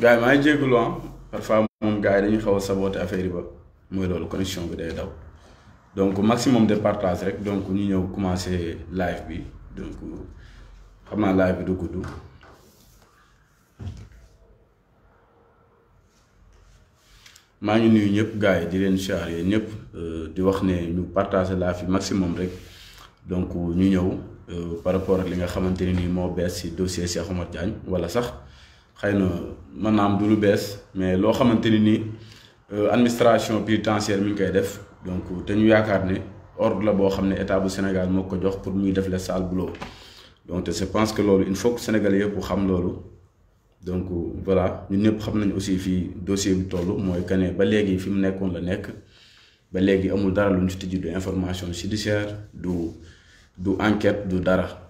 gars yi maa ngi jégalu ah parfois moom gars yi dañuy a saboté affaire yi ba mooy loolu connexion bi day daw donc maximum de partage rek donc ñu ñëw commencé live bi donc xam naa live bi du gudd. maa ngi nuyu ñëpp gars yi di leen share ñëpp euh, di wax ne ñu partage la fi maximum rek donc ñu ñëw euh, par rapport ak li nga xamante ne nii moo bees ci dossier Cheikh Omar Diagne wala sax xëy manam mën naa du lu bees mais lo xamanteni ni euh, administration pénitentiaire mi ngi koy def donc te ñu yaakaar ne ordre la bo xamné état du Sénégal moko jox pour muy def les sales boulots donc je pense que lolu il faut que Sénégalais yëpp xam lolu donc voilà ñun ñëpp xam nañ aussi fi dossier bi tollu moy kané ba légui fi mu nekkoon la nekk ba légui amul dara lu ñu ci tijji du information judiciaire du du enquête du dara.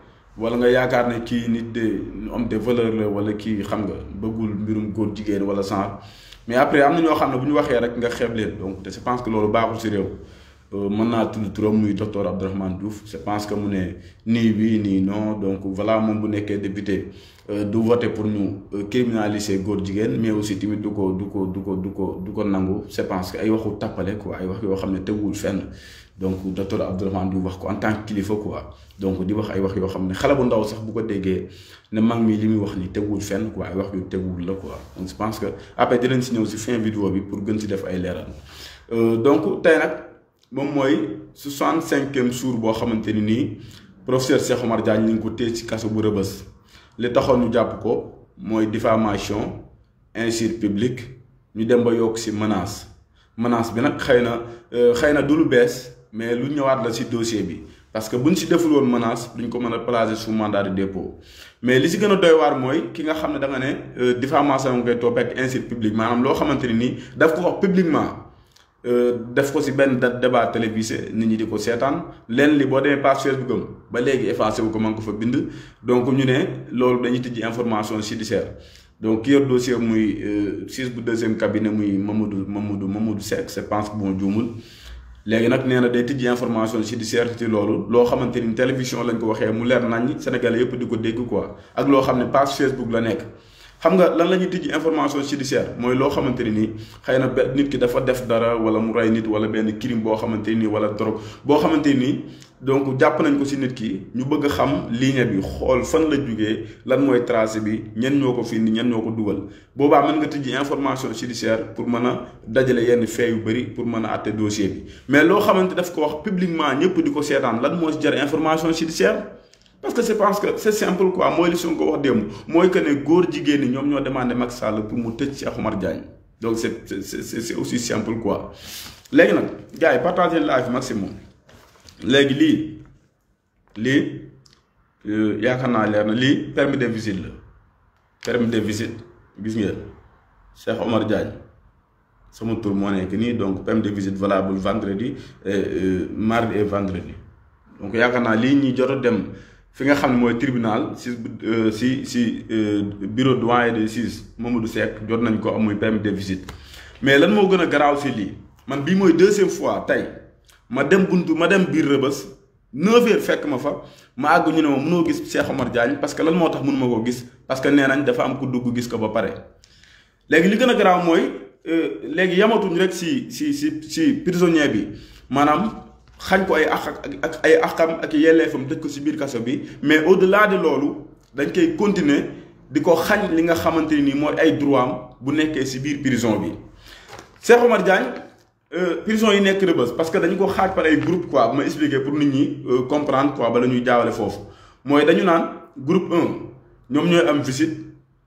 wala nga yaakaar ne kii nit de homme des valeurs la wala kii xam nga bëggul mbirum góor jigéen wala sans mais après am na ñoo xam ne bu ñu waxee rek nga xeeb leen donc te je pense que loolu baaxul si réew euh, mën naa tudd turam muy docteur Abdourahmane Diouf je pense que mu ne nii oui nii non donc voilà moom bu nekkee député euh, du voter pour ñu euh, criminaliser góor jigéen mais aussi tamit du ko du ko du ko du ko du ko nangu c'est parce que ay waxu tàppale quoi ay wax yo xamné ne fenn donc docteur Abdourahmane di wax ko en tant que kilifa quoi donc di wax ay wax yo xamné xala bu ndaw sax bu ko déggee né mag mi limi wax ni teguwul fenn quoi ay wax yo teguwul la quoi donc je pense que après dinañ si ñëw si fin vidéo bi pour gën ci def ay léral euh, donc tay nak mom moy 65e jour bo xamante ni professeur Cheikh Omar Diagne ñu ko té ci kasso bu rëbës li taxoon nu jàpp ko mooy diffamation injure publique ñu dem ba yokk ci menace menace bi nag xëy na euh, xëy na du lu bees mais lu ñëwaat la ci dossier bi parce que bu buñ ci deful woon menace duñ ko mën a placer sous mandat de dépôt mais li si gën a doy waar mooy ki nga xam ne da ne euh, diffamation nga koy topp ak injure publique maanaam loo xamante ni daf ko wax publiquement Euh, def ko si ben débat télévisé nit ñi di ko seetaan leen li bo demee page Facebook am ba légui effacer wu ko man ko fa bind donc ñu né loolu dañuy tijji information judiciaire donc ki yor dossier muy 6 euh, bu deuxième cabinet muy Mamadou Mamadou Mamadou Seck je pense bon ma légui nak néna day tijji information judiciaire ci loolu lo xamanteni télévision lañ ko waxé mu leer nañ Sénégalais yëpp diko dégg quoi ak lo xamné ne Facebook la nekk xam nga lan lañuy tijji information judiciaire mooy loo xamante ni xëy na nit ki dafa def dara wala mu ray nit wala benn crime boo xamante ni wala drogue boo xamante ni donc jàpp nañ ko si nit ki ñu bëgg xam ligne bi xool fan la jugee lan mooy tracé bi ñen ñoo ko findi ñen ñoo ko dugal boobaa mën nga tijji information judiciaire pour mën a dajale yenn fee yu bëri pour mën a atte dossier bi mais loo xamante daf ko wax publiquement ñëpp di ko seetaan lan moo jar information judiciaire parce que c'est pense que c'est simple quoi moi ils sont wax moi mooy que ne góor jigéen ñoo demandé max Sall pour mu chez Cheikh Oumar donc c'est c'est c'est aussi simple quoi. les nag gars yi live maximum léegi les lii euh, y a leer na lii permis de visite permis de visite gis ngeen Cheikh Oumar Diagne sama tour moo nekk donc permis de visite valable vendredi euh, mardi et vendredi donc il y a ñuy jot de dem fi nga xam ne mooy tribunal si euh, si si euh, bureau doyen de juges Mamadou Seck jot nañ ko am muy permis de visite mais lan moo gën a garaaw si lii man bii mooy deuxième fois tey ma dem buntu ma dem biir rëbës neuf heures fekk ma fa ma àgg ñu ne ma mënoo gis Cheikh Omar Diagne parce que lan moo tax mënuma ko gis parce que nee nañ dafa am ku dugg gis ko ba pare. léegi li gën a garaaw mooy euh, léegi yamatuñ rek si si si si prisonnier bi maanaam xagn ko ay àq ak ay akam ak yelleefam tëj ko ci biir kasso bi mais au delà de lolu dañ koy continuer diko xagn li nga xamanteni ni moy ay droit am bu nekké ci biir prison bi Cheikh Omar Diagne euh prison yi nekk rebeus parce que dañu ko xaj par ay groupe quoi bu ma expliquer pour nit ñi euh, comprendre quoi ba lañuy jaawale fofu moy dañu naan groupe 1 ñom ñoy am visite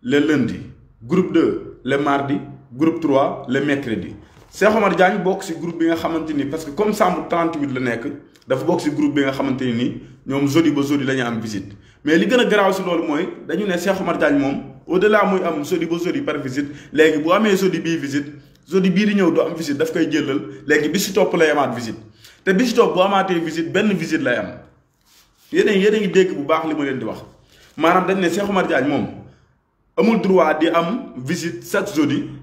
le lundi groupe 2 le mardi groupe 3 le mercredi Cheikh Omar Diagne bok ci groupe bi nga xamanteni parce que comme Samb 38 la nek dafa bok ci groupe bi nga xamanteni ni ñoom jeudi ba jeudi la am visite mais li gëna graw ci si moy dañu né Cheikh Omar Diagne mom au delà muy am jeudi ba jeudi par visite légui bu amé jeudi bi visite jeudi bi di ñëw do am visite daf koy jëlal légui bi ci top lay amaat visite té bi ci top bu amaté visite benn visite lay am yene yene ngi dégg bu baax li ma leen di wax manam dañ né Cheikh Omar Diagne mom amul droit di am visite chaque jeudi.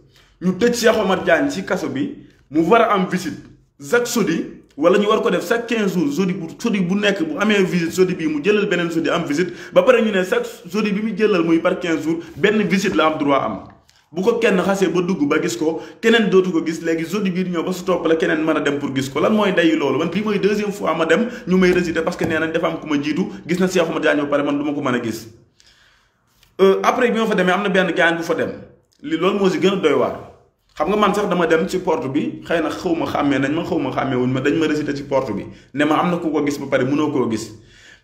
ñu tëj Cheikh Omar Diagne ci kaso bi mu war a am visite chaque jeudi wala ñu war ko def chaque quinze jours jeudi bu jeudi bu nekk bu amee visite jeudi bii mu jëlal beneen jeudi am visite ba pare ñu ne chaque jeudi bi mu jëlal muy par quinze jours benn visite la am droit am bu ko kenn xasee ba dugg ba gis ko keneen dootu ko gis léegi jeudi bii ñëw ba su topp la keneen mën a dem pour gis ko lan mooy dayu loolu man lii mooy deuxième fois ma dem ñu may résider parce que nee nañ a gis euh, après bi fa demee am na benn gaañ bu fa dem li loolu moo doy waar xam nga man sax dama dem ci porte bi xëy na xaw xàmmee nañ ma xawma ma xàmmee wuñ ma dañ ma récité ci porte bi ne ma am na ku ko gis ba pare mënoo koo gis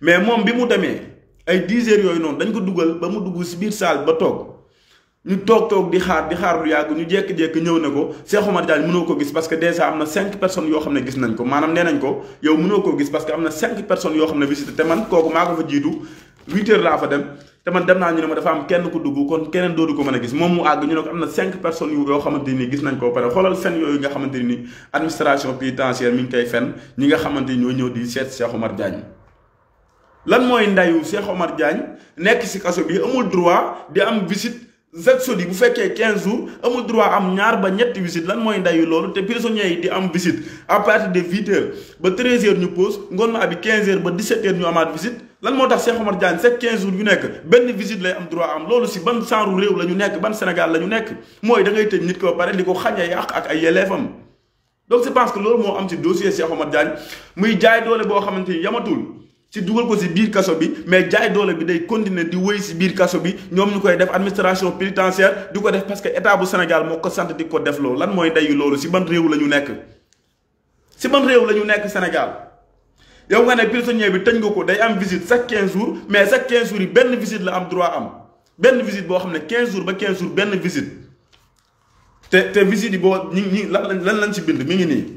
mais moom bi mu demee ay 10 heures yooyu noonu dañ ko dugal ba mu dugg si biir salle ba toog ñu toog toog di xaar di xaar lu yàgg ñu jékki-jékki ñëw na ko Cheikh Omar Diagne mënoo ko gis parce que déjà am na cinq personnes yoo xam ne gis nañ ko maanaam nee nañ ko yow mënoo ko gis parce que am na cinq personnes yoo xam ne visité te man kooku maa ko fa jiitu 8 heures laa fa dem te dem naa ñu ne ma dafa am kenn ku dugg kon keneen doodu ko mën a gis moom mu àgg ñu ne ko am na cinq personnes yu yoo xamante ni gis nañ ko pare xoolal fen yooyu nga xamante ni administration pénitentiaire mi ngi koy fen ñi nga xamante ni ñoo ñëw di seet Cheikh Omar lan mooy ndayu Cheikh Omar Diagne nekk ci kaso bi amul droit di am visite Zaxodi bu fekkee 15 jours amul droit am ñaar ba ñetti visite lan mooy ndayu loolu te prisonniers yi di am visite à partir de 8 heures ba 13 heures ñu pause ngoon na abi 15 heures ba 17 heures ñu amaat visite lan moo tax Cheikh Omar Diagne chaque 15 jours yu nekk benn visite lay am droit am loolu si ban genre réew la ñu nekk ban Sénégal la ñu nekk mooy dangay ngay tëj nit ko ba pare li ko xañ ay ak ay yelleefam donc je pense que loolu moo am si dossier Cheikh doole boo xamante ni yamatul. ci dugal ko si biir kaso bi mais jaay doole bi day continuer di wéy si biir kaso bi ñoom ñu koy def administration pénitentiaire di def parce que état bu Sénégal moo ko sant di ko def loolu lan mooy ndeyu loolu si ban réew la ñu nekk si ban réew la nekk Sénégal. yow nga ne prisonnier bi tëj nga ko day am visite chaque 15 jours mais chaque 15 jours yi benn visite la am droit am benn visite boo xam 15 jours ba 15 jours benn visite te te visite yi boo ñi ñi lan lan lañ bind mi ngi nii.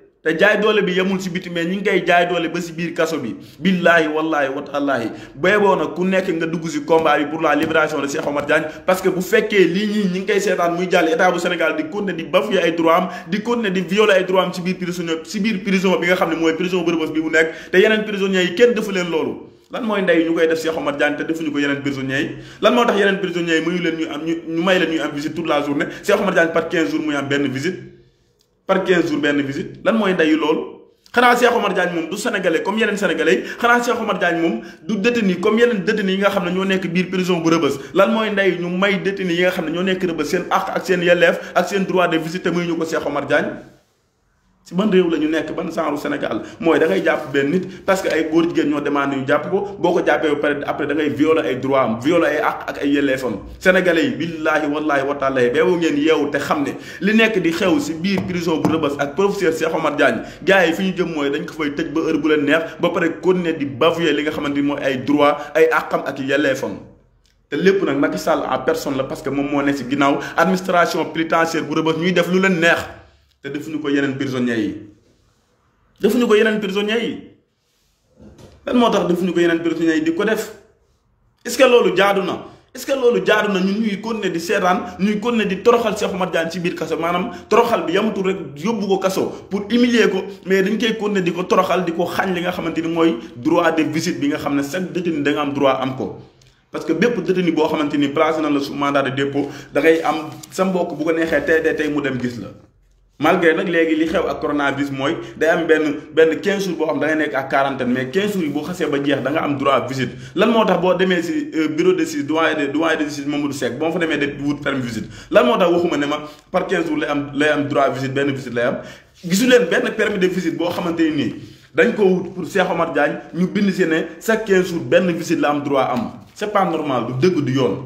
té jaay doole bi yamul ci biti mais ñi ngi jaay doole ba ci biir kasso bi billahi billaahi wallaahi watallaahi beeboo na ku nekk nga dugg ci combat bi pour la libération de Cheikh Omar Diagne parce que bu fekkee li ñii ñi ngi koy seetaan muy jàll état bu Sénégal di continuer di bafouer ay droit am di continuer di violer ay droit am si biir prison ci biir prison bi nga xam ne mooy prison bu Rebeuss bi bu nekk te yeneen prisonniers yi kenn defu leen loolu lan mooy ndey ñu koy def Cheikh Omar Diagne te defuñu ko yeneen prisonniers yi lan moo tax yeneen prisonniers yi mayu leen ñu am ñu may leen ñu am visite toute la journée Cheikh Omar Diagne par 15 jours muy am benn visite par 15 jours benn visite lan moy ndeyu lolou xanaa Cheikh Omar Diagne mom du sénégalais comme yeneen sénégalais yi Cheikh Omar Diagne mom du détenu comme yeneen détenu yi nga xamné ño nek nekk biir prison bu rëbës lan moy ndeyu ñu may détenu yi nga xamné ño nek nekk sen seen ak sen yelef ak sen droit de visite te muy ñu Cheikh Omar Diagne ci bande réew la ñu nekk ban genre Sénégal moy da ngay japp ben nit parce que ay góor jigéen ñoo demandé ñu japp ko boko jappé après après da ngay violer ay droit am violer ay àq ak ay yelleefam sénégalais yi billaahi wallaahi wa taala bewo ngeen yeewu te xamné li nek di xew ci biir prison bu rebeus ak professeur Cheikh Omar Diagne gaay yi fi jëm moy dañ ko fay tëj ba heure bu leen neex ba paré continuer di bavuer li nga xamante moy ay droit ay akam ak yelleefam te lépp nak Macky Sall en personne la parce que mom mo ne ci ginnaaw administration pénitentiaire bu rebeus ñuy def lu leen neex te defuñu ko yenen prisonnier yi defuñu ko yenen prisonnier yi lan mo tax defuñu ko yenen prisonnier yi di def est ce que lolu jaaduna na est ce que lolu jaaduna na ñun ñuy continuer di seetaan ñuy continuer di toroxal Cheikh Oumar diane ci biir kasso manam toroxal bi yamatu rek yobbu ko kaso pour humilier ko mais dañ koy continuer diko ko toroxal diko xagn li nga xamanteni moy droit de visite bi nga xam di chaque da nga am droit am ko parce que detenu bo xamanteni ni placé na la sous mandat de dépôt da ngay am sa mbokk bu ko nexé tey tey mu dem gis la malgré nak légui li xew ak coronavirus moy day am ben ben 15 jours bo xam da ngay nek ak quarantaine mais 15 jours bo xasse ba jeex da nga am droit à visite lan motax bo démé ci euh, bureau de justice doyen de doyen de justice Mamadou Seck bo fa démé de wut permis visite lan motax waxuma ne ma par 15 jours lay am lay am droit visite ben visite lay am gisu leen benn permis de visite bo xamanteni ni dañ ko wut pour Cheikh Omar Diagne ñu bind ci né chaque 15 jours ben visite la am droit am c'est pas normal du deug du yoon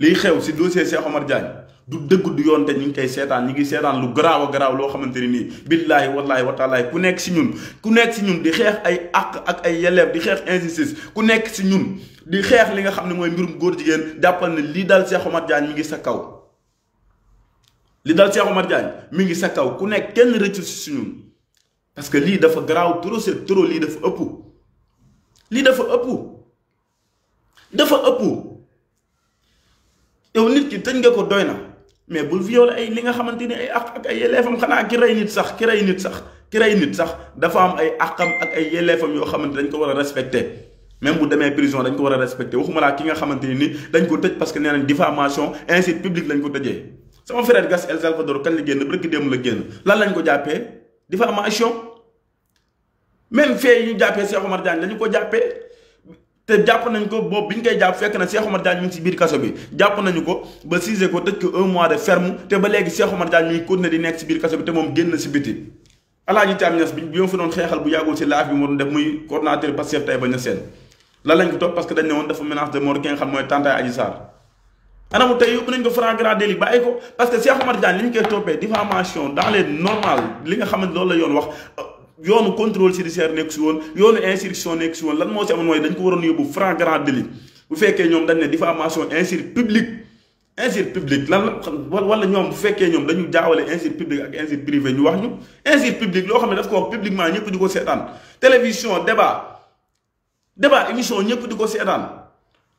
li xew ci dossier Cheikh Omar Diagne du dëgg du yoon te ñu ngi koy seetaan ñu ngi seetaan lu garaaw a garaaw loo xamante ne nii billaahi wallaahi wataalaahi ku nekk si ñun ku nekk si ñun di xeex ay àq ak ay yelleef di xeex injustice ku nekk si ñun di xeex li nga xam ne mooy mbirum góor jigéen jàppal ne lii dal Cheikh Omar Diagne mi ngi sa kaw li dal Cheikh Omar Diagne mi ngi sa kaw ku nekk kenn rëccul si si ñun parce que lii dafa garaaw trop c'est trop lii dafa ëpp lii dafa ëpp dafa ëpp yow nit ki tëj nga ko doy na mais bul violer ay li nga xamanteni ay àq ak ay yelefam xana ki rey nit sax ki rey nit sax ki rey nit sax dafa am ay akam ak ay yelefam yo xamanteni dañ ko wara respecter même bu demee prison dañ ko wara respecter waxuma la ki nga xamanteni ni dañ ko tëj parce que nena diffamation insulte public lañ ko tëjee sama frère Gas El Salvador kan li genn bëgg dem la genn lan lañ ko jappé diffamation même fee ñu jappé Cheikh Omar Diagne lañ ko jappé te jàpp nañ ko boobu bi ñu koy jàpp fekk na Cheikh Oumar mi ngi biir kaso bi jàpp nañu ko ba siise ko tëj ko un mois de ferme te ba léegi Cheikh Oumar mi ngi te moom ko topp grand délit bàyyi ko parce que Cheikh li ñu koy toppee diffamation dans les li nga xam loolu la yoon wax yoonu contrôle judiciaire nekk si woon yoonu instruction nekk si woon lan moo si amoon mooy dañ ko waroon yóbbu flagrant délit bu fekkee ñoom dañ ne diffamation injure publique injure publique lan la wala ñoom bu fekkee ñoom dañu jaawale injure publique ak injure privée ñu wax ñu injure loo xam ne daf ko wax publiquement ñëpp di ko seetaan télévision débat débat émission ñëpp di ko seetaan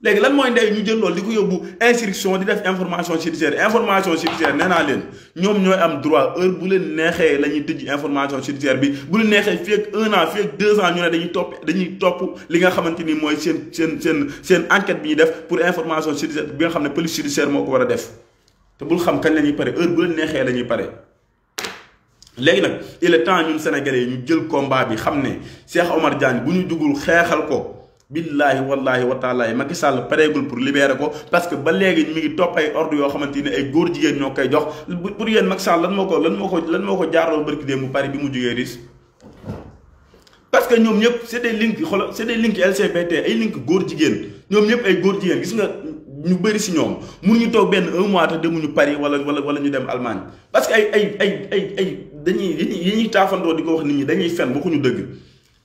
léegi lan moy ndey ñu jël loolu di ko yóbbu instruction di def information judiciaire information judiciaire néna naa leen ñoom ñooy am droit heure bu leen nexé la ñuy information judiciaire bi bu leen nexé fii ak un an fii ak deux ans ñu né dañuy top dañuy top li nga xamanteni moy sen sen sen sen enquête bi ñuy def pour information judiciaire bi nga xamné police judiciaire moko wara def té bul xam kan lañuy paré heure bu leen nexé lañuy paré légui nak il est temps ñun sénégalais ñu jël combat bi xamné Cheikh Omar Diagne bu ñu duggul xeexal ko. billaahi wallaahi wa taalaahi Macky Sall pareegul pour libérer ko parce que ba léegi mi ngi topp ay ordre yoo xamante ne ay góor jigéen ñoo koy jox pour yéen Macky Sall lan moo ko lan moo ko lan moo ko jaaroo barki démb Paris bi mu jugee RIS. parce que ñoom ñëpp c' est des link xoolal c' est des link LGBT ay link góor jigéen ñoom ñëpp ay góor jigéen gis nga ñu bëri si ñoom mun ñu toog benn un mois te demuñu Paris wala wala wala ñu dem Allemagne parce que ay ay ay ay ay dañuy yi ñuy taafandoo di ko wax nit ñi dañuy fen waxuñu dëgg.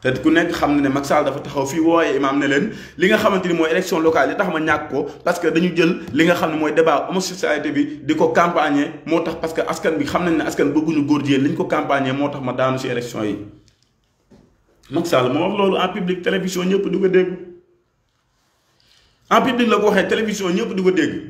te ku nekk xam na ne Macky Sall dafa taxaw fii wooyee imaam ne leen li nga xamante ni mooy élection locale yi tax ma ñàkk ko parce que dañu jël li nga xam ne mooy débat homosexualité bi di ko campagner moo tax parce que askan bi xam nañ ne askan bëgguñu góor jigéen li ko campagner moo tax ma daanu si élection yi. Macky moo wax loolu en public télévision ñëpp di ko dégg en public la ko waxee télévision ñëpp di ko dégg.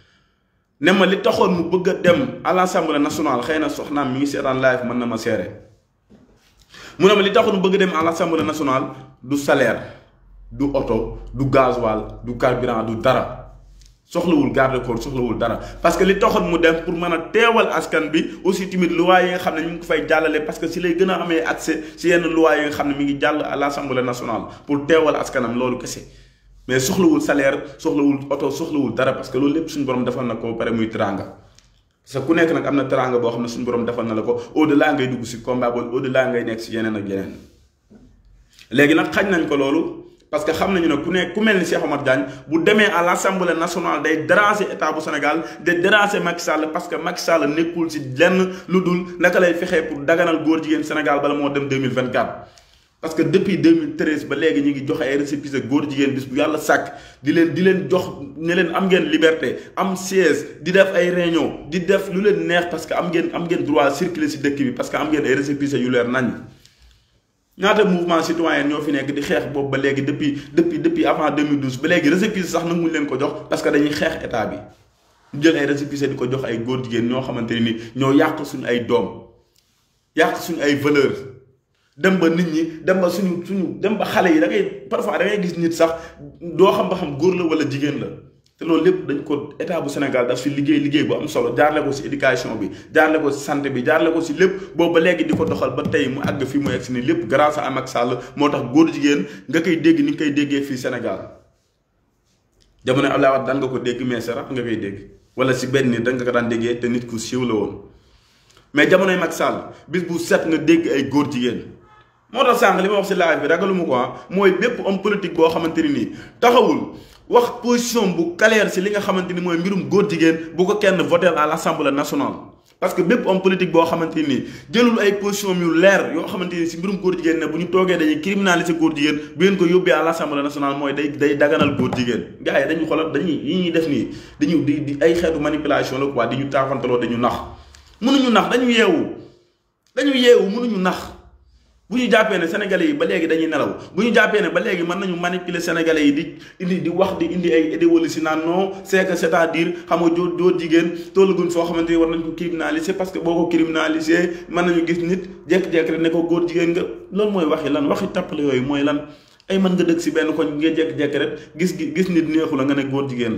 ne ma li taxoon mu bëgg a dem à l'Assemblée nationale xëy na soxnaam mi ngi seetaan live mën na ma seere mu ne ma li taxoon mu bëgg a dem à l'Assemblée nationale du salaire du oto du gasoil du carburant du dara soxlawul garde corps soxlawul dara parce que li taxoon mu dem pour mën a teewal askan bi aussi tamit loi yi nga xam ne ñu ngi ko fay jàllale parce que si lay gën a amee accès si yenn loi yi nga xam ne mi ngi jàll à l'Assemblée nationale pour teewal askanam loolu kese mais soxlawul salaire soxlawul oto soxlawul dara parce que loolu lépp suñu borom defal na ko pare muy teraanga parce ku nekk nag am na teraanga boo xam ne suñu borom defal na la ko au delà ngay dugg si combat boobu au delà ngay nekk si yeneen ak yeneen. léegi nag xañ nañ ko loolu parce que xam nañu ne ku nekk ku mel ni Cheikh Omar Diagne bu demee à l' assemblée nationale day déranger état bu Sénégal day déranger Macky Sall parce que Macky Sall nekkul si lenn lu dul naka lay fexe pour daganal góor jigéen Sénégal bala moo dem 2024. parce que depuis 2013 ba légui ñi ngi jox ay récépissé goor jigéen bis bu yalla sàkk di leen di leen jox ne leen am ngeen liberté am siège di def ay réunion di def lu leen neex parce que am ngeen am ngeen droit circuler ci dëkk bi parce que am ngeen ay récépissé yu leer nañ ñaata mouvement citoyen ñoo fi nekk di xeex bobu ba légui depuis depuis depuis avant 2012 ba légui récépissé sax nanguñ leen ko jox parce que dañuy xeex état bi ñu jël ay récépissé di ko jox ay goor jigéen ñoo xamanteni ni ñoo yàq suñu ay doom yàq suñu ay valeurs dem ba nit ñi dem ba suñu suñu dem ba xale yi da ngay parfois da ngay gis nit sax doo xam ba xam góor la wala jigéen la te loolu lépp dañ ko état bu Sénégal daf fi liggéey liggéey bu am solo jaarale ko si éducation bi jaarale ko si santé bi jaarale ko si lépp boobu ba léegi di doxal ba tey mu àgg fii mu egg ni lépp grâce à Macky Sall moo góor jigéen nga koy dégg ni nga koy déggee Sénégal jamono Abdoulaye Wade daan nga ko dégg mais sarax nga koy dégg wala si benn nit da nga ko daan déggee te nit ku siiw la woon mais jamonoy Macky Sall bis bu set nga dégg ay góor jigéen moo tax sànq li ma wax si live bi ragalu ma ko ah, mooy bépp homme politique boo xamante ni nii taxawul wax position bu claire si li nga xamante ni mooy mbirum góor jigéen bu ko kenn voté à l'Assemblée nationale. parce que bépp homme politique boo xamante ni jëlul ay position yu leer yoo xamante ni si mbirum góor jigéen ne bu ñu toogee dañuy criminaliser góor jigéen bu ngeen ko yóbbee à l'Assemblée nationale mooy day day daganal góor jigéen gars yi dañu xoolal dañuy yi ñuy def nii dañu di di ay xeetu manipulation la quoi di ñu taafantaloo dañu nax mënuñu nax dañu yeewu dañu yeewu nax. bu ñu jàppee ne sénégalais yi ba léegi dañuy nelaw bu ñu jàppee ne ba léegi mën nañu manipuler sénégalais yi di indi di wax di indi ay idéologie si naan non c'est que c'est-à-dire xam nga joo joo jigéen tollaguñ foo xamante ni war nañ ko criminaliser parce que boo ko criminaliser mën nañu gis nit jékki-jékki rek ne ko góor jigéen nga loolu mooy waxi lan waxi tappale yooyu mooy lan ay mën nga dëkk si benn ko nga jékki-jékki rek gis gis nit neexu la nga ne góor jigéen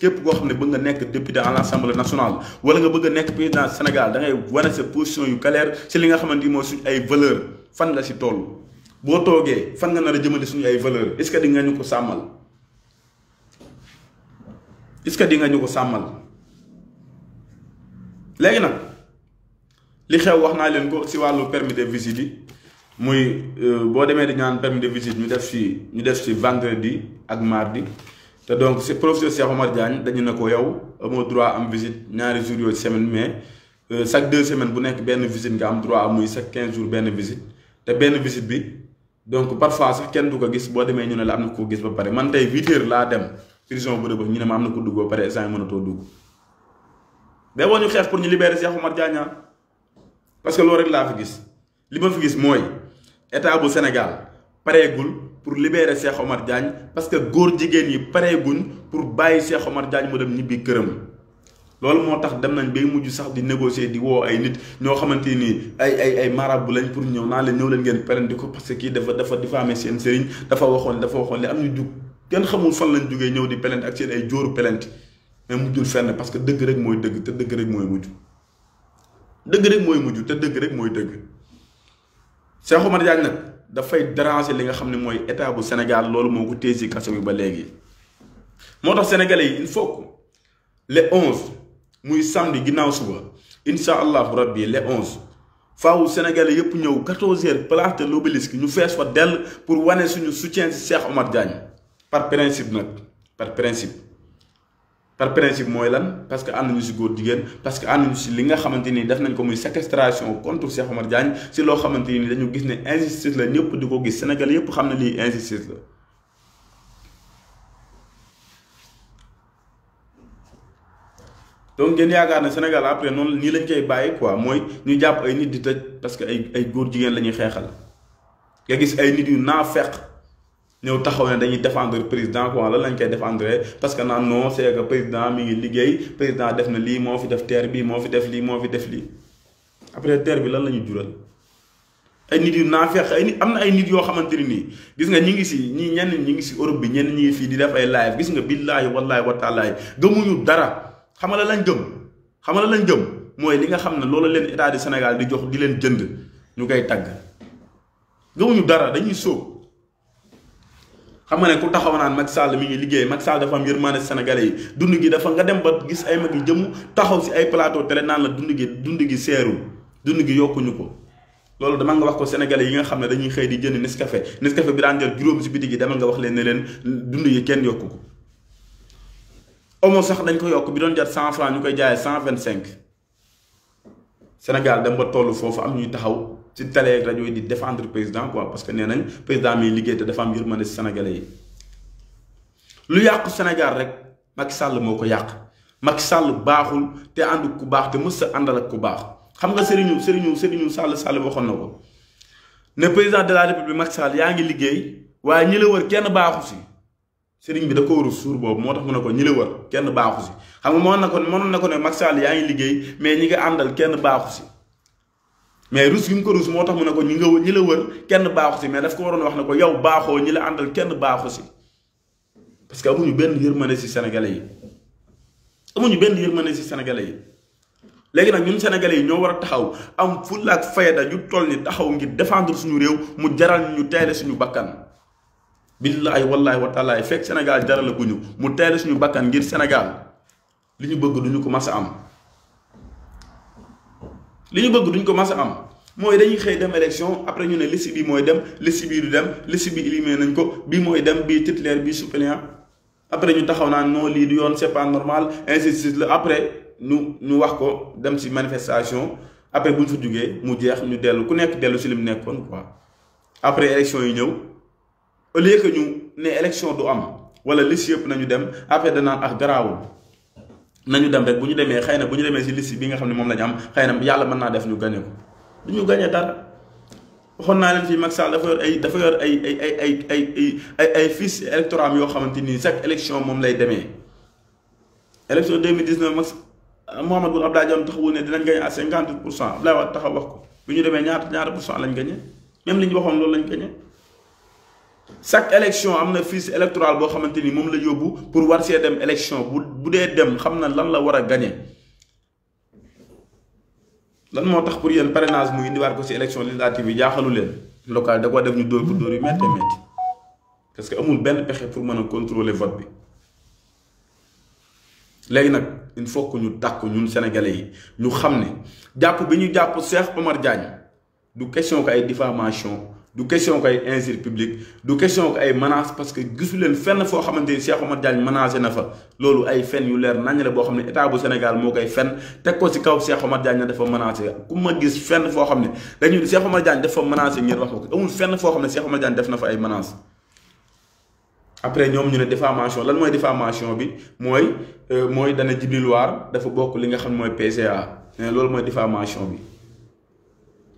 képp koo xam ne bëgg nga nekk député à l'Assemblée nationale wala nga bëgg a nekk président Sénégal da ngay wane sa position yu claire ci li nga xamante ni mooy suñu ay valeur fan la si toll boo toogee fan nga nar a jëmale suñu ay valeur est-ce que di nga ñu ko sàmmal est-ce que di nga ñu ko sàmmal léegi nag li xew wax naa leen ko si wàllu permis de visite yi muy euh, boo demee di ñaan permis de visite ñu def si ñu def si vendredi ak mardi te donc si professeur Cheikh Omar Diagne dañu ne ko yow amoo droit am visite ñaari jours yooyu semaine mais euh, chaque deux semaines bu nekk benn visite nga am droit am muy chaque quinze jours benn visite te benn visite bi donc parfois sax kenn du ko gis boo demee ñu ne la am na ko gis ba pare man tey huit laa dem prison bu rëbëb ñu ne ma am na ko dugg ba pare instant yi mënatoo dugg mais boo ñu xeex pour ñu libérer Cheikh Omar Diagne ah, parce que loolu rek laa fi gis li ma fi gis mooy état bu Sénégal pour libérer Cheikh Omar Diagne parce que góor jigéen yi pareeguñ pour bàyyi Cheikh Omar Diagne mu dem ñibbi këram loolu moo tax dem nañ bay mujj sax di négocier di woo ay nit ñoo xamante ni ay ay ay marabu lañ pour ñëw naa leen ñëw leen ngeen perendi ko parce que kii dafa dafa amee seen sëriñ dafa waxoon dafa waxoon li am ñu jug kenn xamul fan lañ jugee ñëw di pelent ak seen ay jóoru pelent mais mujjul fenn parce que dëgg rek mooy dëgg te dëgg rek mooy mujj dëgg mooy mujj te dëgg mooy dëgg Cheikh Omar Diagne dafay déranger li nga xamné moy état bu Sénégal loolu moko ko kasso si bi ba légui motax sénégalais yi il faut le 11 muy samedi ginnaw suba inshallah allahu rabbi le 11 faaw sénégalais yépp ñëw 14h place de l'Obélisque ñu fess fa del pour wané suñu soutien ci Cheikh Omar Diagne par principe nak par principe. par principe mooy lan parce que ànd ñu si góor jigéen parce que ànd ñu si li nga xamante ni def nañ ko muy séquestration contre Cheikh Omar Diagne si loo xamante ni dañu gis ne injustice la ñëpp di ko gis Sénégal yëpp xam ne lii injustice la. donc ngeen yaakaar ne Sénégal après noonu nii lañ koy bàyyi quoi mooy ñu jàpp ay nit di tëj parce que ay ay góor jigéen la ñuy xeexal nga gis ay nit yu naafeq ñeu taxaw ne dañuy défendre président quoi lan lañ koy défendre parce que nan non c'est que président mi ngi liggéey président def na li mo fi def terre bi mo fi def li mo fi def li après terre bi lan lañu jural ay nit yu nafex ay nit amna ay nit yo xamanteni ni gis nga ñi ngi ci ñi ñen ñi ngi ci Europe bi ñen ñi fi di def ay live gis nga billahi wallahi wa ta'ala taalaay ñu dara xam la lañ gëm xam la lañ gëm moy li nga xam ne loolu leen état du Sénégal di jox di leen jënd ñu koy tag tagg ñu dara dañuy sóob xam nga ne ku taxaw naan Macky Sall mi ngi liggéey mag Sall dafa am yërmande Sénégalais yi dund gi dafa nga dem ba gis ay mag yi jëmm taxaw si ay plateau télé naan la dund gi dund gi seeru dund gi yokkuñu ko loolu dama nga wax ko sénégalais yi nga xam ne dañuy xëy di jënd Nescafé Nescafé bi daan jël juróom si biti gi dama nga wax leen ne dund yi kenn yokku ko omo sax dañ ko yokk bi doon jar cent franc ñu koy jaayee cent vingt cinq Sénégal dem ba tollu foofu am ñuy taxaw ci télé ak rajo yi di défendre président quoi parce que nee nañ président mi liggéey te dafa am yërmande si sénégalais yi lu yàqu Sénégal rek Macky sàll moo ko yàq Macky Sall baaxul te ànd ku baax te mës sa àndal ak ku baax xam nga Serigne Serigne Serigne Sall Sall waxoon na ko ne président de la république Macky Sall yaa ngi liggéey waaye ñi la wër kenn baaxu si Serigne bi da ko warul suur boobu moo tax mu ne ko ñi la wër kenn baaxu si xam nga mënoon na ko mënoon na ko ne Sall yaa ngi liggéey mais ñi nga àndal kenn baaxu si. mais rus gi mu ko rus moo tax mu ne ko ñi nga ñi la wër kenn baaxu si mais daf ko waroon wax ne ko yow baaxoo ñi la àndal kenn baaxu si parce que amuñu benn yërmande si sénégalais yi amuñu benn yërmande si senegale yi léegi nag ñun sénégalais yi ñoo war a taxaw am fulla ak fayda ñu toll ni taxaw ngir défendre suñu réew mu jaral ñu teyle suñu bakkan billaay wallaay wa taalaay fekk sénégal jaralaguñu mu teyle suñu bakkan ngir sénégal li ñu bëgg duñu ko am liñu bëgg duñ ko massa am moy dañuy xey dem élection après ñu né liste bi moy dem liste bi du dem liste bi éliminé nañ ko bi moy dem bi titulaire bi suppléant après ñu taxaw naan non lii du yoon c'est pas normal injustice la après ñu ñu wax ko dem ci manifestation après bu ñu fa jugee mu jeex ñu dellu ku nekk dellu ci lim mu nekkoon quoi après élection yi ñëw au lieu que ñu ne élection du am wala liste yëpp nañu dem après danaan ak ah, garaawul. nañu dem rek buñu démé xeyna buñu démé ci liste bi nga xam mom lañu am xeyna na yàlla mën naa def ñu gagné ko duñu gagné dara waxon na leen fi Macky Sall dafa yor ay dafa yor ay ay ay ay ay ay ay fiches électorales yoo xamante ni chaque élection mom lay démé élection 2019 Macky Mohamed Boun Abdallah Dionne taxawul ne dinañ gagné à 50 pour cent taxaw wax ko buñu démé ñaar ñaar ñaata pour cent lañ gagné même li waxon waxoon loolu lañ gagné. chaque élection amna fils électoral bo xamanteni mom la yobbu pour war ci dem élection bu dé dem xam lan la wara gagner. lan mo tax pour yéen parrainage mu war ko si élection législative bi jaxalu len local da ko def ñu door bu door yu metti parce que amul ben pexe pour mën contrôler vote bi légui nak il faut que ñu tàkk ñun sénégalais yi ñu xamné japp bi ñu japp Cheikh Omar Diagne du question ko ay diffamation du question ko injure public du question de menace parce que gisu len fenn fo xamante Cheikh oumar Diagne menacer na fa une ay fenn yu leer nañ la boo état bu Sénégal moo koy fen ko ci kaw Cheikh oumar Diagne dafa menacer ku gis fenn fo ne Cheikh oumar Diagne dafa menacé ngeen wax ko amul fenn fo Cheikh une Diagne def na ay menace après ñom ñu né diffamation lan moy diffamation bi moy euh, moy dana Djibril War dafa bokk li nga xam moy PCA lolou moy diffamation bi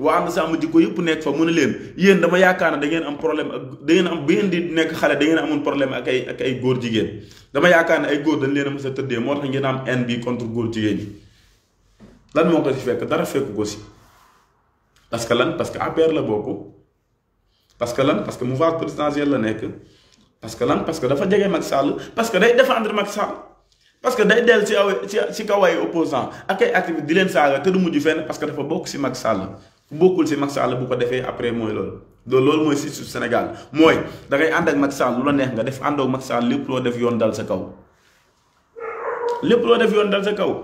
waa ànd sàmm jikko yëpp nekk fa mu ne leen yéen dama yaakaar ne da ngeen am problème ak da am bi ngeen di nekk xale da ngeen amoon problème ak ay góor jigéen dama yaakaar ne ay góor dañ leen a mës a tëddee moo tax ngeen am haine bi contre góor jigéen ñi lan moo ko ci fekk dara fekk ko si parce que lan parce que APR la bokk parce que lan parce que mouvance présidentielle la nekk parce que lan parce que dafa jege Macky Sall parce que day défendre Macky Sall parce que day dellu si aw si si kaw ay opposant ak ay leen saaga te du mujj parce que dafa bokk si Macky Sall bokkul si Macky Sall bu ko defee après mooy loolu loolu loolu mooy si su Sénégal mooy da ngay ànd ak Macky Sall lu la neex nga def àndoo ak Macky Sall lépp loo def yoon dal sa kaw. lépp loo def yoon dal sa kaw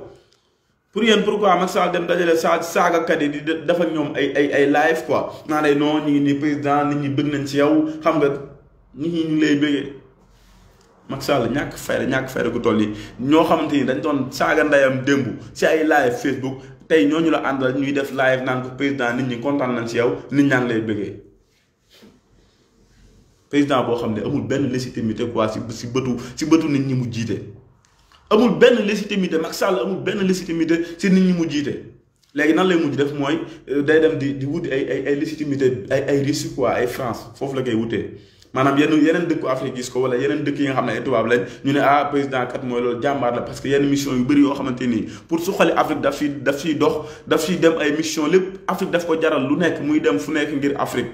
pour yéen pourquoi Macky Sall dem dajale saa saagakat yi di def ak ñoom ay ay ay live quoi naa ne non ñu ngi nii président nit ñi bëgg nañ si yow xam nga nit ñi lay bëggee. Macky ñàkk fayda ñàkk fayda gu toll yi ñoo xam xamante ni dañ doon saaga ndeyam démb si ay live Facebook. tey ñooñu la àndal ñuy def live naan ko président nit ñi kontaan nañ si yow nit ñaa ngi lay bëggee président boo xam ne amul benn légitimité quoi ci si bëtu ci bëtu nit ñi mu jiite. amul benn légitimité Macky Sall amul benn légitimité ci nit ñi mu jiite léegi nan lay mujj def mooy euh, day dem di di wut ay ay ay légitimité ay ay Russie quoi ay France foofu la koy wutee. maanaam yenn yeneen dëkku Afrique gis ko wala yeneen dëkk yi nga xam ne ay tubaab lañ ñu ne ah président kat mooy loolu jàmbaar la parce que yenn mission yu bëri yoo xamante nii pour su xale Afrique daf fi daf fiy dox daf fiy dem ay mission lépp Afrique daf ko jaral lu nekk muy dem fu nekk ngir Afrique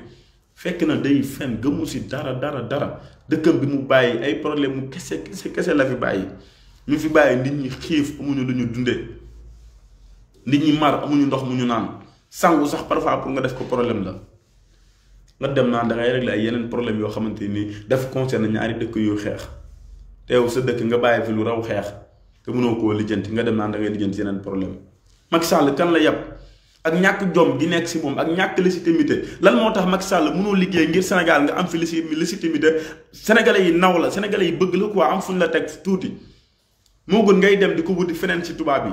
fekk na day fen gëmu si dara dara dara dëkkam bi mu bàyyi ay problème mu kese kese kese la fi bàyyi mu fi bàyyi nit ñi xiif amuñu lu ñu dundee nit ñi mar amuñu ndox mu ñu naan sangu sax parfois pour nga def ko problème la ندم نان naa da ngay régler ay yeneen problème yoo xamante ni daf concerne ñaari dëkk yu xeex nga baye fi lu raw xeex te mënoo koo lijjanti nga dem nan da ngay lijjanti yenen problème Macky Sall kan la yab ak ñak jom di nekk ci mom ak ñàkk légitimité lan moo tax Macky Sall mënoo liggéey ngir Sénégal nga am fi légitimité sénégalais yi naw la sénégalais yi bëgg la quoi am fuñ la tek tuuti mo gën ngay dem di ko wuti fenen ci tuba bi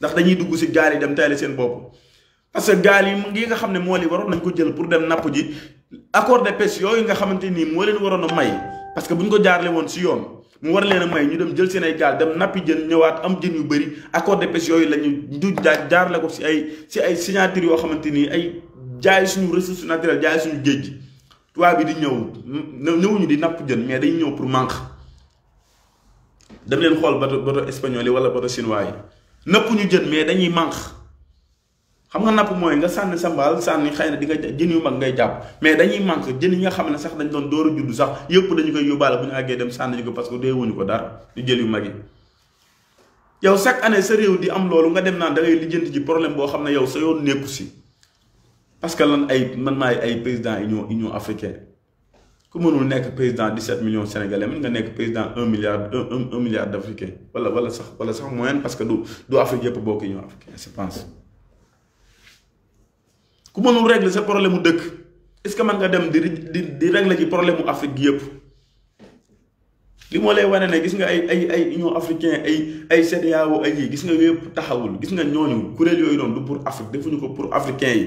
ndax dañuy dugg si gaal yi dem tayale seen bopp parce que gaal yi yi nga xam ne moo yi waroon nañ ko jël pour dem napp ji accord de pêche yooyu nga xamante nii moo leen waroon a may parce que bu ñu ko jaarle woon si yoon mu war leen a may ñu dem jël seen ay gaal dem nappi jën ñëwaat am jën yu bëri accord de pêche yooyu la ñu du jaarle ko si ay si ay signature yoo xamante nii ay jaay suñu ressource naturelle jaay suñu géej gi bi di ñëw ñëwuñu di napp jën mais dañu ñëw pour manque dem leen xool bato bato espagnol yi wala bato chinois yi nëpp ñu jën mais dañuy mànq xam nga napp mooy nga sànni sa mbaal sànni xëy na di nga jën yu mag ngay jàpp mais dañuy mànq jën yi nga xam ne sax dañ doon door a sax yëpp dañu koy yóbbaale bu ñu àggee dem sànni ko parce que deewuñu ko dara di jël yu mag yi. yow chaque année sa réew di am loolu nga dem naan da ngay lijjanti ji problème boo xam ne yow sa yoon nekku si parce que lan ay man maay ay président union ñu africaine. ku mënul nekk président 17 millions sénégalais mën nga nekk président 1 milliard 1 1 milliard d'Africains. africain wala wala sax wala sax moyenne parce que du du Afrique yëpp bokk ñoo africain je pense. ku mënul régler ce problème mu est ce que mën nga dem di di régler ci problème mu Afrique yëpp. li mo lay wane ne gis nga ay ay ay union africain ay ay CEDEAO ay yi gis nga yëpp taxawul gis nga ñooñu kurel yooyu noonu du pour Afrique defuñu ko pour africain yi.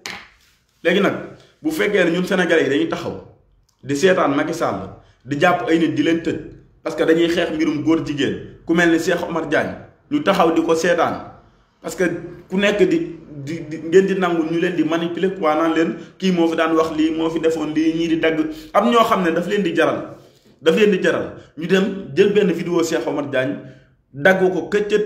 léegi nag bu fekkee ne ñun Sénégalais yi dañuy taxaw di seetaan Macky Sall di jàpp ay nit di leen tëj parce que dañuy xeex mbirum góor jigéen ku mel ni Cheikh Omar Diagne ñu taxaw di ko seetaan parce que ku nekk di di ngeen di nangu ñu leen di manipuler waa naan leen kii moo fi daan wax lii moo fi defoon lii ñii di dagg am ñoo xam ne daf leen di jaral daf leen di jaral ñu dem jël benn vidéo Cheikh Omar jaañ dagg ko këccët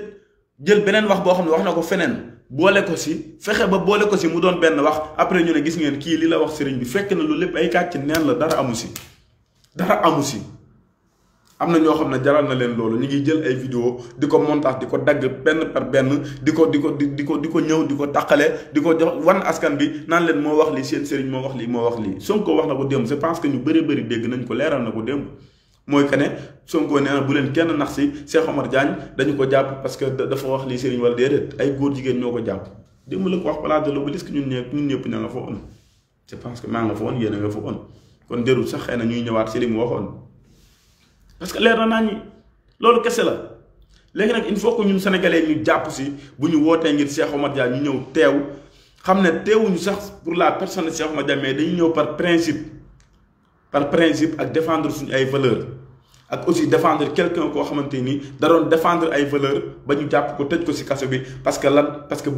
jël beneen wax boo xam ne wax na ko feneen. boole ko si fexe ba boole ko si mu doon benn wax après ñu ne gis ngeen kii li la wax sëriñ bi fekk na lu lépp ay kàcc neen la dara amu si dara amu si am na ñoo xam ne jaral na leen loolu ñu ngi jël ay vidéo di ko montage di ko dagg benn par benn di ko di ko di ko di ko ñëw di ko taqale di ko jox wan askan bi nan leen moo wax lii seen sëriñ moo wax lii moo wax lii Sonko wax na ko démb je pense que ñu bëri bari dégg nañ ko leeral na ko démb mooy que ne Sonko nee na bu leen kenn nax si Cheikh Omar Diagne dañu ko jàpp parce que dafa wax lii sëriñ wala déedéet ay góor jigéen ñoo ko jàpp démb la ko wax place de l'Obélisque ñun ñëpp ñun ñëpp ne nga fa on pense que maa nga fa on yéen a nga fa on sax xëy na ñuy ñëwaat si li mu waxoon parce que leer na naa ñi loolu kese la léegi nag il faut que ñun sénégalais ñu jàpp si bu ñu wootee ngir Cheikh Omar Diagne ñu ñëw teew xam ne teewuñu sax pour la personne de Cheikh Omar Diagne mais dañu ñëw par principe par principe ak défendre les valeurs ak aussi défendre quelqu'un qui xamanteni défendre ay valeurs parce que lan parce que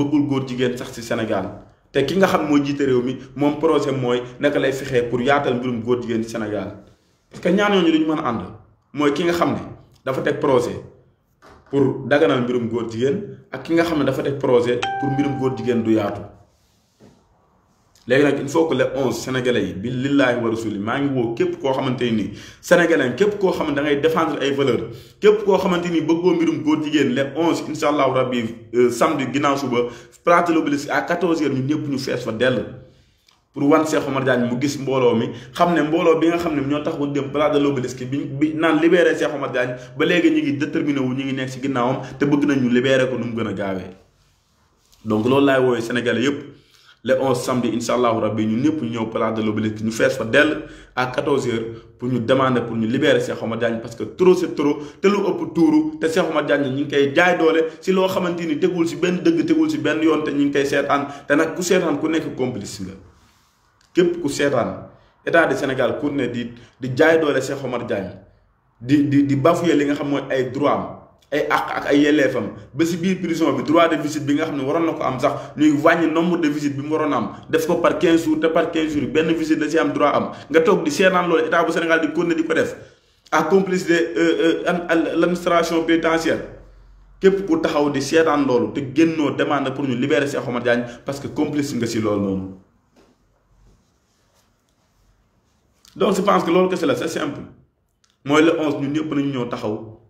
sax ci Sénégal té ki nga xam un mi projet naka lay pour yaatal mbirum Sénégal parce que ñaan duñu a moy ki nga xam dafa projet pour daganal mbirum ak ki nga xam dafa projet pour mbirum légui nak il faut que les onze sénégalais bi lillaahi wa rasuli maa ngi woo képp koo xamante sénégalais képp koo xamante da ngay défendre ay valeur képp koo xamante ni bëggoo mbirum góor jigéen les onze insha rabbi samedi ginnaaw suba place l'Obélisque à 14 heures ñu ñëpp ñu fees fa dell pour wan Cheikh Omar Diagne mu gis mbooloo mi xam ne bi nga xam ñoo tax woon dem place l'Obélisque bi bi naan Cheikh Omar Diagne ba léegi ñu ngi déterminé wu ñu ngi nekk si ginnaawam te bëgg nañ ñu libéré ko nu mu gën donc loolu laay woowee sénégalais yëpp le 11 samedi inshallah allahu rabbi ñu ñëpp ñu ñëw place de l'Obélisque ñu fess fa del à 14h pour ñu demander pour ñu libérer Cheikh Oumar Diagne parce que trop c'est trop te lu ëpp touru te Cheikh Oumar Diagne ñu ngi koy jaay doole si lo xamanteni ni tegul si benn dëgg tegul si benn yoon te ñu ngi koy seetaan te nak ku sétane ku nekk complice nga képp ku sétane état de Sénégal ku ne di di jaay doole Cheikh Oumar Diagne di di di bafouer li nga xam mooy ay droit ay ak ak ay yelleefam ba si biir prison bi droit de visite bi nga xam ne waroon na ko am sax ñuy wàññi nombre de visite bi mu waroon am def ko par 15 jours te par 15 jours benn visite da si am droit am nga toog di seenaan loolu état bu Sénégal di continuer di ko def à complice euh, euh, l' administration pénitentiaire képp ku taxaw di seetaan loolu te génnoo demande pour ñu libérer Cheikh Oumar Diagne parce que complice nga si loolu noonu donc je pense que loolu kese la c'est simple mooy le 11 ñun ñëpp nañu ñëw taxaw.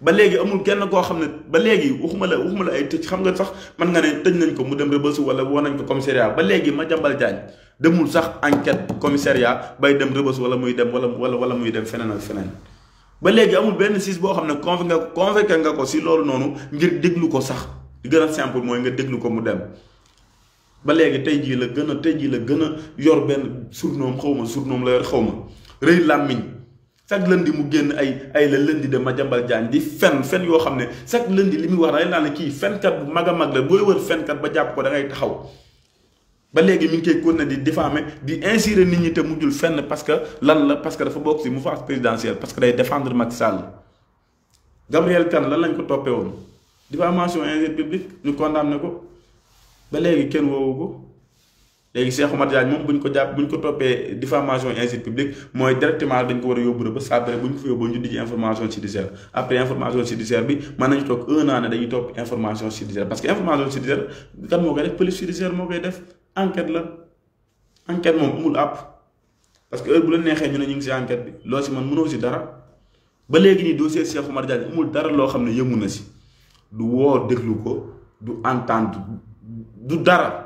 ba léegi amul kenn koo xam ne ba léegi waxuma la waxuma la ay tëj xam nga sax mën nga ne tëj nañ ko mu dem rëbës wala woo nañ ko commissariat ba léegi Madiambal Diagne demul sax enquête commissariat bay dem rëbës wala muy dem wala wala wala muy dem feneen ak feneen ba léegi amul benn siis boo xam ne convaincu nga convaincu nga ko si loolu noonu ngir déglu ko sax li gën a simple mooy nga déglu ko mu dem ba léegi tey jii la gën a tey jii la gën a yor benn surnoom xaw ma surnoom la xaw ma rëy làmmiñ chaque lundi mu génn ay ay la lundi de Madiambal Diagne di fenn fen yoo xam ne chaque lundi li mu wax dangay naa ne kii fenkat bu mag a mag la booy wër fenkat ba jàpp ko da ngay taxaw ba léegi mu ngi koy continuer di diffamer di insinuer nit ñi te mujjul fenn parce que lan la parce que dafa bokk ci mouvance présidentielle parce que day défendre Macky Sall Gabriel Kane lan lañ ko toppee woon diffamation injure publique ñu condamné ko ba léegi kenn woowu ko. léegi Cheikh Oumar Diagne moom buñ ko jàpp buñ ko topé diffamation insulte publique moy directement dañ ko wara a ba rëbës après bu ko fa yóbboo ñu di ci information judiciaire après information judiciaire bi man nañu tok 1 an ne dañuy topp information judiciaire parce que information judiciaire kan moo koy def police judiciaire moo koy def enquête la enquête moom amul app parce que heure bu la nexé ñu ne ñu ngi si enquête bi lo si man mëno ci dara ba légui ni dossier Cheikh Oumar Diagne amul dara lo xamné ne yëngu na si du wo déglu ko du entendre du dara.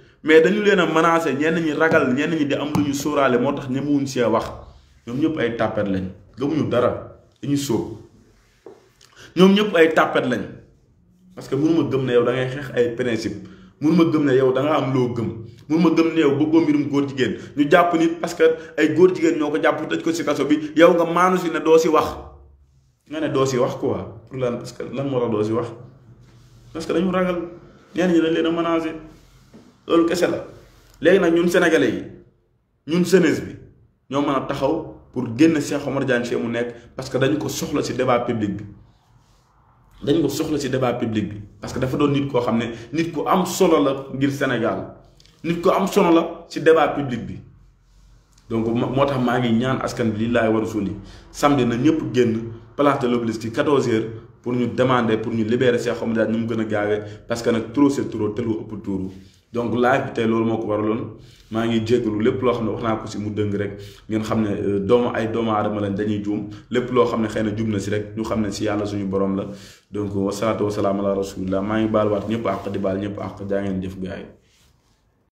mais dañu leen a menacé ñenn ñi ragal ñenn ñi di am lu ñu sóoraale moo tax ñemewuñ see wax ñoom ñëpp ay tàppet lañ gëmuñu dara dañu sóob ñoom ñëpp ay tàppet lañ parce que mënuma gëm ne yow da ngay xeex ay principe mënuma gëm ne yow da nga am loo gëm mënuma gëm ne yow bëggoo mbirum góor jigéen ñu jàpp nit parce ay góor jigéen ñoo ko jàpp tëj ko si kaso bi yow nga maanu si ne doo si wax nga ne doo si wax quoi pour lan parce que lan moo doo si wax parce que dañu ragal ñenn ñi dañ leen a menacé loolu kese la léegi nag ñun sénégalais yi ñun jeunesse bi ñoo mën a taxaw pour génn Cheikh Oumar Diagne mu nekk parce que dañu ko soxla ci débat public bi dañ ko soxla ci débat public bi parce que dafa doon nit koo xam ne nit ko am solo la ngir Sénégal nit ko am solo la ci débat public bi donc moo tax maa ngi ñaan askan bi lii laay war a suuli samedi na ñëpp génn place de ci 14 pour ñu demander pour ñu libérer Cheikh Oumar Diagne ñu mu gën a gaawee parce que nag trop c'est trop te donc live bi tey loolu moo ko waraloon maa ngi jégalu lépp loo xam ne wax naa ko si mu dëng rek ngeen xam ne euh, doom ay doomu aadama lañ dañuy juum lépp loo xam ne xëy na jub na si rek ñu xam ne si yàlla suñu borom la donc wasalaatu wasalaam ala rasulillah maa ngi baal waat ñëpp àq di baal ñëpp àq jaa ngeen jëf gaay